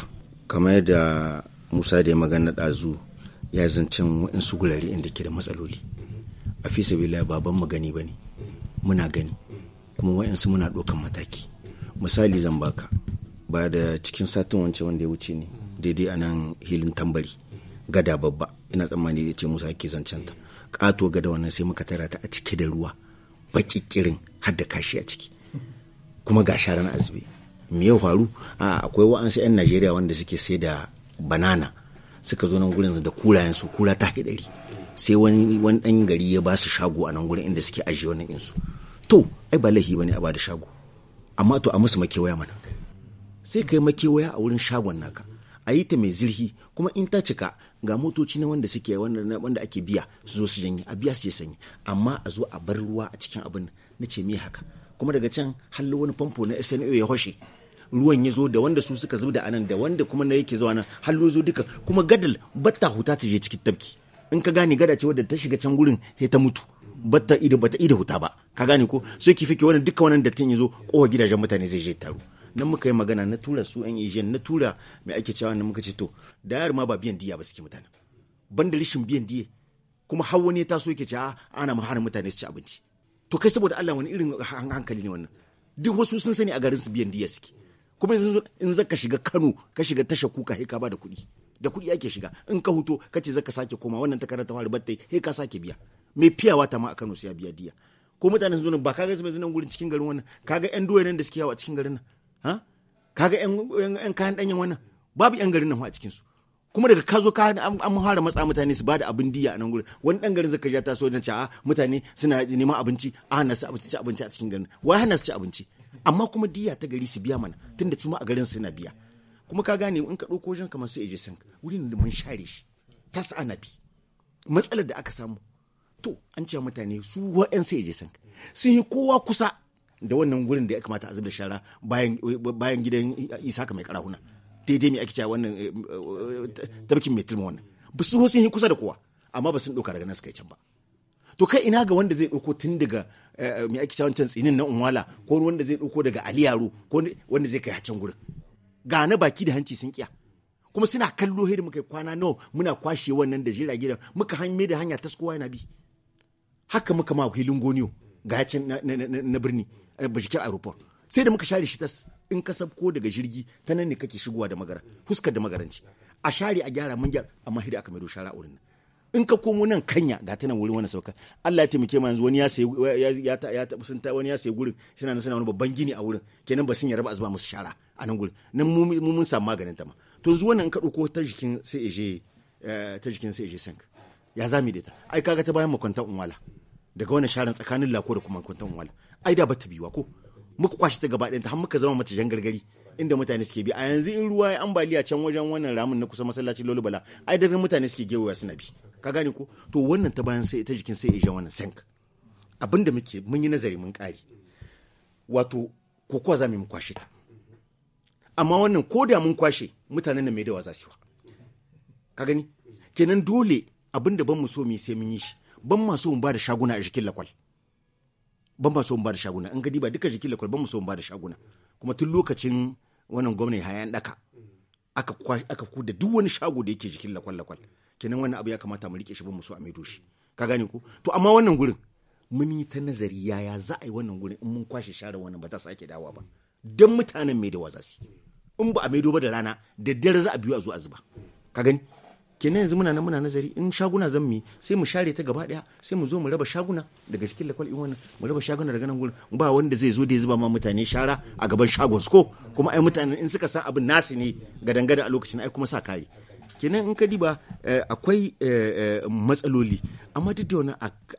kamar yadda musa da ya magana ɗazu ya zancen waɗansu gurare inda ke da matsaloli a fi sabila baban mu gani bane muna gani kuma waɗansu muna ɗaukan mataki misali zan baka ba da cikin satin wance wanda ya wuce ne daidai a nan hilin tambari gada babba ina tsammani da ce musa ake zancen ta ƙato gada wannan sai muka tara ta a cike da ruwa baƙi kirin har kashi a ciki kuma ga sharan azubi me ya faru a akwai wa'ansu 'yan najeriya wanda suke sai da banana suka zo nan gurin da kurayensu kula ta hidari sai wani wani dan gari ya ba su shago a nan gurin inda suke ajiye wannan insu to ai ba lahi bane a ba da shago amma to a musu makewaya mana sai kai makewaya a wurin shagon naka a yi ta mai zirhi kuma in ta cika ga motoci na wanda suke wanda ake biya su zo su janye a biya su je sanyi amma a zo a bar ruwa a cikin abin na ce me haka kuma daga can hallo wani famfo na SNO ya hoshe ruwan ya zo da wanda su suka zubda anan da wanda kuma na yake zuwa nan hallo zo duka kuma gadal batta huta ta je cikin tafki in ka gane gada ce wadda ta shiga can gurin sai ta mutu batta ido bata ido huta ba ka gane ko sai ki fike wannan duka wannan dattin ya zo kowa gidajen mutane zai je taro nan muka yi magana na tura su yan Asian na tura mai ake cewa nan muka ce to da ma ba biyan diya ba suke mutane banda rishin biyan diya kuma har wani ya so yake cewa ah, ana mu hana mutane su ci abinci to kai saboda Allah wani irin hankali ne wannan duk wasu sun sani a garin su biyan diya suke kuma yanzu in zaka shiga Kano ka shiga tasha kuka sai ka ba da kuɗi da kuɗi ake shiga in ka huto ka ce zaka sake koma wannan takarar ta fara batta sai ka sake biya me fiyawa ta ma a Kano sai ya biya diya ko mutanen sun zo ba kaga su nan gurin cikin garin wannan kaga yan ɗan nan da suke yawo a cikin garin nan ha kaga yan yan kayan danyen wannan babu yan garin nan a cikin su kuma daga ka zo ka an fara matsa mutane su bada abin diya a nan gurin wani dan garin zaka ja taso da ce ah, mutane suna neman abinci a hana su abinci abinci a cikin garin wai hana su ci abinci amma kuma diya ta gari su biya mana tunda su ma a garin suna biya kuma ka gane in ka ɗauko jan kamar su eji sink wurin da mun share shi ta sa bi matsalar da aka samu to an ce mutane su wa'yan su eje sink sun yi kowa kusa da wannan wurin da ya kamata a zub shara bayan gidan isaka mai karahuna daidai mai ake cewa wannan eh, eh, eh, mai tilma wannan ba su sun yi kusa da kowa amma ba sun ɗauka daga nan suka yi can ba to kai ina ga wanda zai ɗauko tun daga eh, eh, mai ake cewa wancan tsinin na unwala ko wanda zai ɗauko daga aliyaro ko wanda zai kai haccan gurin ga na baki da hanci sun kiya kuma suna kallo hidin muka kwana nawa muna kwashe wannan da jirage da muka hanyar da hanya taskowa yana bi haka muka ma hilin goniyo ga yacin na birni bashikin aeroport sai da muka share shi tas in ka sabko daga jirgi ta nan ne kake shigowa da magara fuskar da magaranci a share a gyara mun gyara amma hidi aka maido shara wurin nan in ka komo nan kanya da ta nan wurin wani sauka Allah ya taimake ma yanzu wani ya sayi ya ya sun ta wani ya sayi gurin suna nan suna wani babban gini a wurin kenan ba sun yarba azuba musu shara a nan gurin nan mu mun samu maganin ta ma to zuwa nan ka dauko ta jikin sai eje eh, ta jikin sai eje sank ya zami da ta ai kaga ta bayan makwantan unwala daga wannan sharan tsakanin lako da kuma makwantan unwala ai da ba ta biwa ko muka kwashi ta gaba ɗayanta har muka zama mata jan gargari inda mutane suke bi a yanzu in ruwa ya ambaliya can wajen wannan ramin na kusa masallaci lolubala ai da mutane suke gewaya suna bi ka gane ko to wannan ta bayan sai ta jikin sai ya ja wannan sank abin da muke mun yi nazari mun kare wato kokowa za mu mu kwashe ta amma wannan ko da mun kwashe mutanen nan mai dawa za su yi ka gani kenan dole abin da ban mu so mu sai mun yi shi ban ma so mu ba da shaguna a jikin lakwal ban ma so mu ba da shaguna in gadi ba duka jikin lakwal ban mu so mu ba da shaguna kuma tun lokacin wannan gwamnati hayan daka aka aka kuda duk wani shago da yake jikin lakwal lakwal kenan wannan abu ya kamata mu rike shi mu so a maido shi ka gane ko to amma wannan gurin mun yi ta nazari yaya za a yi wannan gurin in mun kwashe share wannan ba ta sake dawa ba dan mutanen mai da wazasi su in ba a maido ba da rana da dare za a biyu a zo a zuba ka gani kenan yanzu muna nan muna nazari in shaguna zan mi sai mu share ta gaba daya sai mu zo mu raba shaguna daga cikin lakwal in wannan mu raba shaguna daga nan gurin ba wanda zai zo da ya zuba ma mutane shara a gaban shagon ko kuma ai mutanen in suka san abin nasu ne ga gada a lokacin ai kuma sa kare kenan in ka diba eh, akwai eh, eh, matsaloli amma duk da wani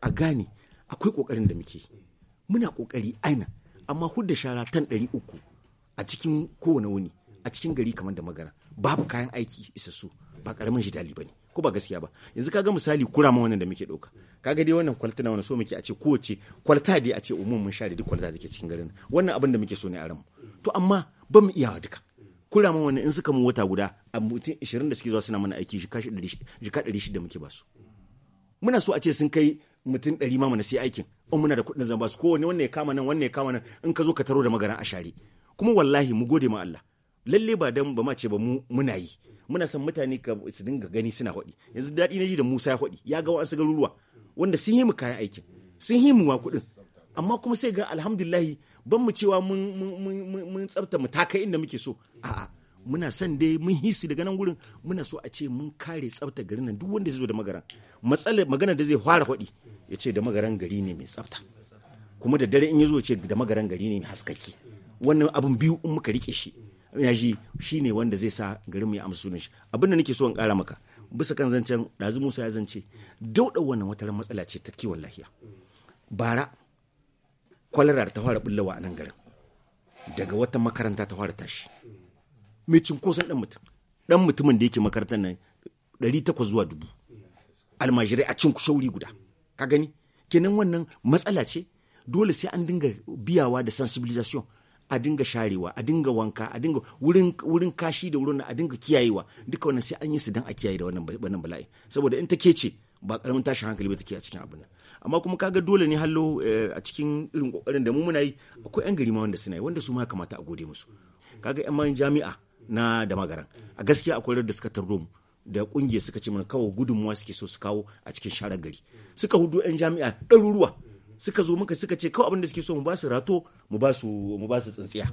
a gane akwai kokarin da muke muna kokari aina amma hudda shara tan ɗari uku a cikin kowane wuni a cikin gari kamar da magana babu kayan aiki isassu ba karamin shi dali bane ko ba gaskiya ba yanzu kaga misali kurama wannan da muke ɗauka kaga dai wannan na wannan so muke a ce kowace kwalta dai a ce umumin share duk kwalta da ke cikin garin wannan abin da muke so ne a ramu to amma ba mu iya iyawa duka kula ma wani in suka mu wata guda a mutum 20 da suke zuwa suna mana aiki jika 600 muke basu muna so a ce sun kai mutum ɗari ma mana sai aikin in muna da kudin zan basu kowanne wanne ya kama nan wanne ya kama nan in ka zo ka taro da magaran a share kuma wallahi mu gode ma Allah lalle ba dan ba ma ce ba mu muna yi muna son mutane ka su dinga gani suna hodi yanzu daɗi na ji da Musa ya hodi ya ga wasu garuruwa wanda sun yi mu kayan aikin sun yi mu wa kuɗin amma kuma sai ga alhamdulillahi ban mu cewa mun tsabta mu takai inda muke so a'a muna son dai mun hisi daga nan gurin muna so a ce mun kare tsabta garin nan duk wanda zai zo da magaran matsala magana da zai fara faɗi ya ce da magaran gari ne mai tsabta kuma da dare in ya zo ce da magaran gari ne mai haskaki wannan abin biyu in muka rike shi ya ji shi ne wanda zai sa garin mu ya amsa sunan shi abin da nake so in kara maka bisa kan zancen dazu Musa ya zance dauɗa wannan wata matsala ce ta kiwon lahiya bara kwalara ta fara bullawa a nan garin daga wata makaranta ta fara tashi mai cinkoson dan mutum dan mutumin da yake makarantar nan 800 zuwa dubu almajirai a cin kushauri guda ka gani kenan wannan matsala ce dole sai an dinga biyawa da sensibilisation a dinga sharewa a dinga wanka a dinga wurin kashi da wurin a dinga kiyayewa duka wannan sai an yi su dan a kiyaye da wannan bala'i saboda in ke ce ba karamin tashin hankali ba take a cikin abin nan amma kuma kaga dole ne hallo eh, a cikin irin kokarin da mu muna yi akwai yan gari ma wanda suna yi wanda su ma kamata a gode musu kaga yan man jami'a na da magaran a gaskiya akwai da suka tarro da kungiyar suka ce mana kawo gudunmuwa suke so su kawo a cikin sharar gari suka hudu yan jami'a ɗaruruwa suka zo muka suka ce kawai abin da suke so mu ba su rato mu ba su mu ba su tsintsiya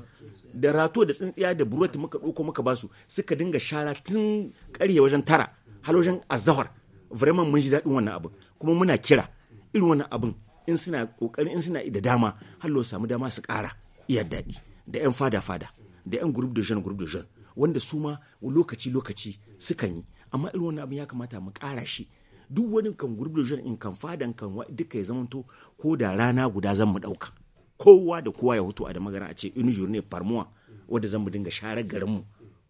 da rato da tsintsiya da burwati muka ɗauko muka ba su suka dinga shara tun karye wajen tara har wajen azahar vraiment mun ji daɗin wannan abu kuma muna kira irin wani abin in suna kokari in suna da dama hallo samu dama su kara iya daɗi da yan fada fada da yan group de jeune group de jeune wanda su ma lokaci lokaci sukan yi amma irin wani abin ya kamata mu kara shi duk wani kan group de jeune in kan fada kan duka ya zamanto ko da rana guda zan mu dauka kowa da kowa ya hutu a da magana a ce in journée par mois wanda zan mu dinga sharar ko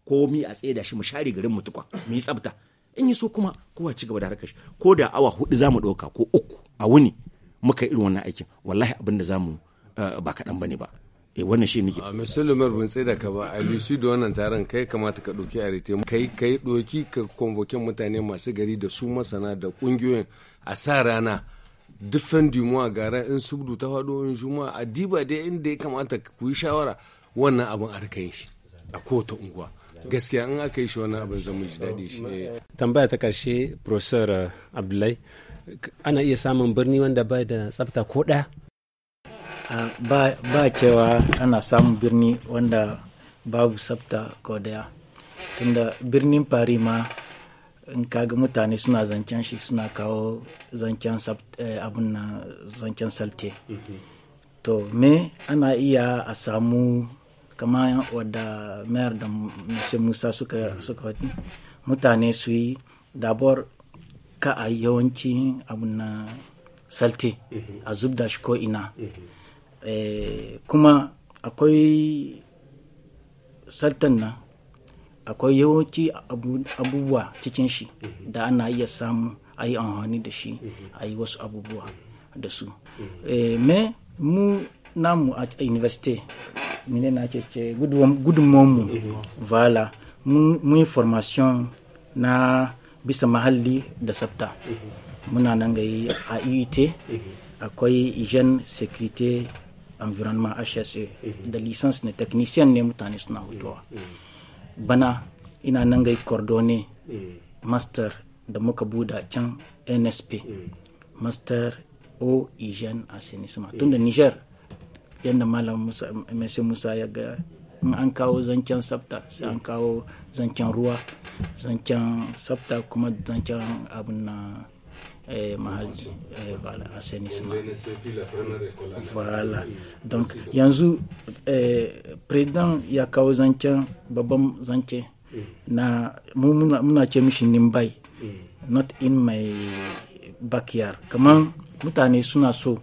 komi a tsaye da shi mu share garin mu tukwa mu yi tsafta in yi so kuma kowa ci gaba da harkar shi ko da awa hudu zamu ɗauka ko uku a wuni muka irin wannan aikin wallahi abin da zamu eh, ba kaɗan ne ba e wannan shi nike a bin tsida ka ba a lusi da wannan taron kai kamata ka ɗauki a rite kai kai ɗoki ka konvokin mutane masu gari da su masana da ƙungiyoyin a sa rana dufan dimuwa gara in subdu ta faɗo in juma'a a diba dai inda ya kamata ku yi shawara wannan abin a shi a kowace unguwa gaskiya an aka yi shi wani abin zan ji daɗi shi tambaya ta ƙarshe professor uh, abdullahi ana iya samun birni wanda bai da tsafta ko ɗaya ba cewa ana samun birni wanda babu tsafta ko ɗaya tunda birnin fari ma in kaga mutane suna zancen shi suna kawo zancen eh, abin na zancen salte mhm. to me ana iya a samu kama wadda mayar da mace musa suka suka faɗi mutane su yi dabor ka a yawanci abu na salte a da shi ko ina eh, kuma akwai saltan nan akwai yawanci abubuwa cikin shi da ana iya samu a yi amfani da shi a yi wasu abubuwa da su eh, me mu namu a université mine na ke ke gudunmonmu vala mun yi formation na bisa mahalli da sabta muna nan ga yi a uit akwai hygiene sécurité environnement hse da licence ne technicien ne mutane suna hutuwa bana ina nan ga yi cordone master da muka buda can nsp master o hygiene assainissement tun da niger yadda malam mai musa ya ga in an kawo zancen sabta sai an kawo zancen ruwa zancen sabta kuma zancen abin na eh, mahalli eh, bala assainissement voilà yanzu eh, president ya kawo zancen babban zance na muna ce mishi nimbai not in my backyard kamar mutane suna so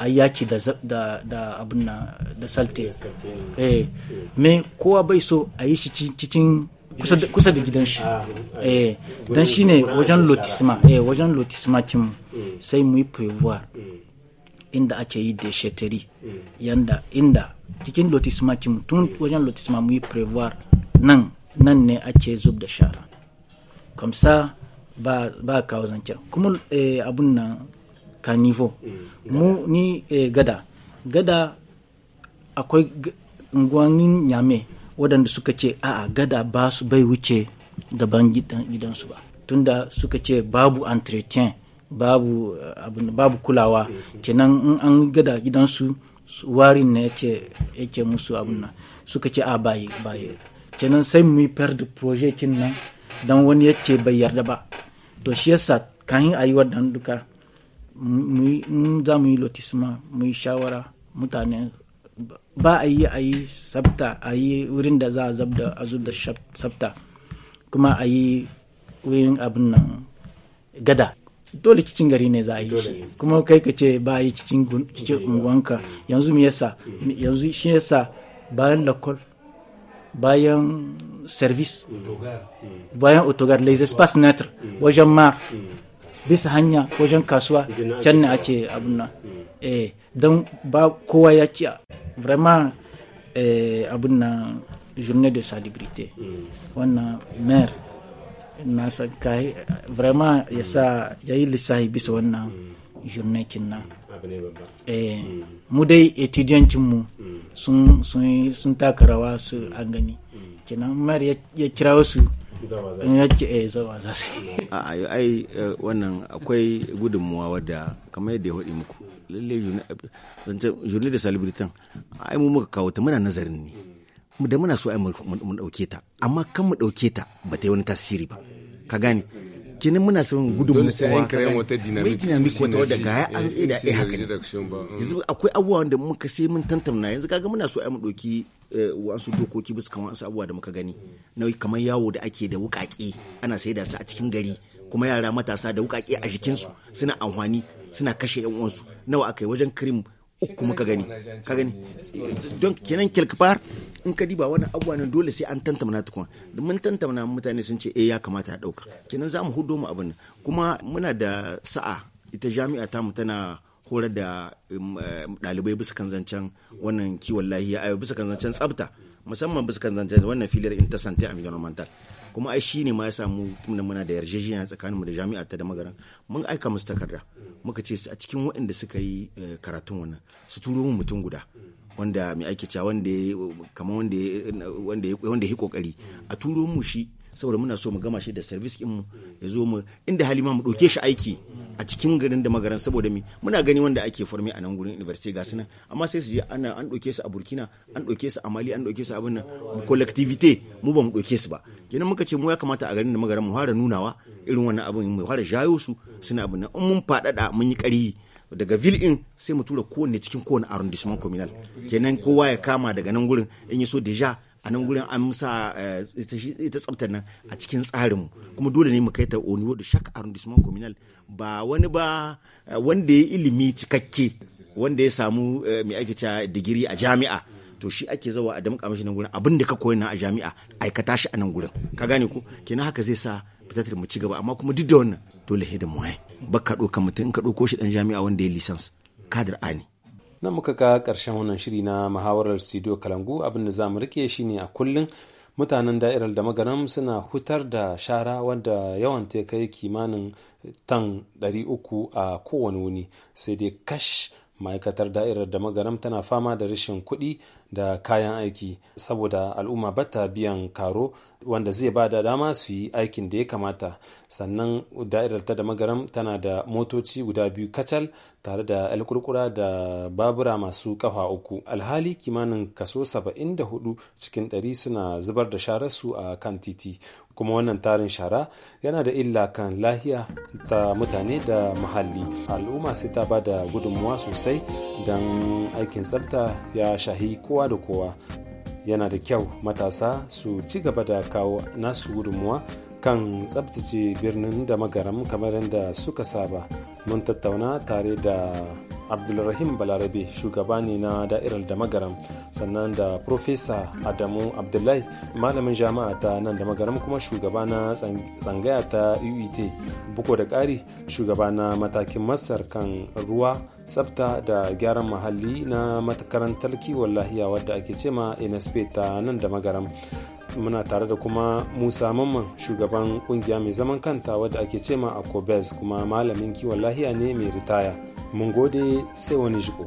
a yaki da da da abin na da salte eh me kowa bai so a yi shi cikin kusa da gidan shi eh dan shine wajen lotisma eh wajen lotisma kin sai mu yi prevoir inda ake yi da shetari yanda inda cikin lotisma kin tun wajen lotisma mu yi prevoir nan nan ne ake zub da shara kamsa ba ba kawo zancen kuma eh, abun nan ka nivo mm, mu ni eh, gada gada akwai unguwannin nyame waɗanda suka ce a gada ba su bai wuce daban gidansu ba tunda suka ce babu entretien babu eh, babu kulawa mm-hmm. kenan in an gada gidansu warin ne yake yake musu abun nan suka ce a baye baye kenan sai mu yi da projet kin nan dan wani yake bai yarda ba to shi yasa kan yi ayi wannan duka za mu yi lotisma mu yi shawara mutane ba a yi a yi sabta a yi wurin da za a zabda a da sabta kuma a yi wurin abin nan gada dole cikin gari ne za a yi shi kuma kai ka ce ba a yi cikin unguwanka yanzu mu yasa mm. yanzu shi yasa bayan lakol bayan service mm. bayan autogar les espaces neutres mm. wajen ma bisa hanya wajen kasuwa can ne ake abin nan eh don ba kowa ya ci vraiment eh, abin nan journée de salubrité wannan mer na sa kai vraiment ya sa ya yi lissahi bisa wannan journée kin nan eh mu dai etudiancin mu sun sun taka rawa su an gani kenan mer ya kira wasu yake eh zama za su yi ai eh, wannan akwai gudunmuwa wadda kamar yadda ya haɗe muku lalle jurni da salibritan ai mu muka kawo ta muna nazarin ne da muna so ai mu ɗauke ta amma kan mu ɗauke ta ba ta yi wani tasiri ba ka gane kenan muna son wata dinamik wata wadda an eh, tsaye da haka mm. yanzu akwai abubuwan muka sai mun tantamna yanzu kaga muna so ai mu ɗauki Eh, wasu dokoki bisa kan wasu abubuwa da muka gani na kamar yawo da ake da wukaki ana da su a cikin gari kuma yara matasa da wukaki a jikinsu suna amfani suna kashe yan uwansu nawa yi wajen cream uku muka gani ka gani don kenan kilkifar in ka diba wani abubuwa ne dole sai an tantamana tukun da mun tantamna mutane sun ce eh ya kamata a dauka kenan za mu hudo mu abin kuma muna da sa'a ita jami'a tamu tana horar da um, eh, ɗalibai bisa kan zancen wannan kiwon lahiya a eh, bisa kan zancen tsafta musamman bisa kan zancen wannan filiyar in a sante environmental kuma ai shi ne ma ya samu tunda muna da yarjejeniya tsakanin mu da jami'a ta da magaran mun aika musu takarda muka ce a cikin waɗanda suka yi eh, karatun wannan su turo mu mutum guda wanda mai aiki wanda kamar wanda ya yi kokari a turo mu shi saboda muna so mu gama shi da service din mu ya zo mu inda halima mu ɗauke shi aiki a cikin garin da magaran saboda mi muna gani wanda ake forme a nan gurin university ga sunan amma sai su je ana an ɗauke su a Burkina an ɗauke su a Mali an ɗauke su a nan collectivity mu ba mu ɗauke su ba kenan muka ce mu ya kamata a garin da magaran mu fara nunawa irin wannan abin mu fara jayo su suna abin nan in mun faɗaɗa mun yi kari daga vil'in in sai mu tura kowanne cikin kowanne arrondissement communal kenan kowa ya kama daga nan gurin in yi so deja a nan gurin an musa eh, ita tsaftar nan a cikin tsarinmu kuma dole ne mu kai ta oniwo da shak arrondissement communal ba wani ba eh, wanda ya ilimi cikakke wanda ya samu eh, mai ake cewa digiri a jami'a to shi ake zawa a damƙa mashi nan gurin abin da ka koyi na a jami'a aikata shi a nan gurin ka gane ku kenan haka zai sa fitatar mu ci gaba amma kuma duk da wannan dole sai da mu hai ɗauka mutum ka ɗauko shi ɗan jami'a wanda ya lisans kadar ani nan muka ga ƙarshen wannan shiri na muhawarar studio kalangu abin da za mu shi ne a kullum mutanen da'irar da magaram suna hutar da shara wanda yawan ta kai kimanin tan 300 a kowane wuni sai dai kash ma'aikatar da'irar da magaram tana fama da rashin kuɗi da kayan aiki saboda al'umma bata biyan karo wanda zai ba da dama su yi aikin da ya kamata sannan da'irar ta da magaram tana da motoci guda biyu kacal tare da alkurkura da babura masu kafa uku alhali kimanin kaso 74 cikin 100 suna zubar da shararsu a kan titi kuma wannan tarin shara yana da illa kan lahiya ta mutane da muhalli al'umma sai ta ba da gudunmuwa sosai don aikin tsafta ya shahi kowa kowa da kowa yana da kyau matasa su ci gaba da kawo nasu gudunmuwa kan tsabtace birnin da magaram kamar yadda suka saba mun tattauna tare da abdulrahim balarabe shugaba ne na da'irar da magaram sannan da profesa adamu abdullahi malamin jama'a ta nan da magaram kuma shugaba na tsangaya ta uet buko da ƙari shugaba na matakin masar kan ruwa tsabta da gyaran muhalli na matakarantar kiwon lahiya wadda ake cema nsp ta nan da magaram muna tare da kuma musa mamman shugaban kungiya mai zaman kanta wadda ake cema a kobes kuma malamin kiwon lahiya ne mai ritaya mun gode sai wani jiko.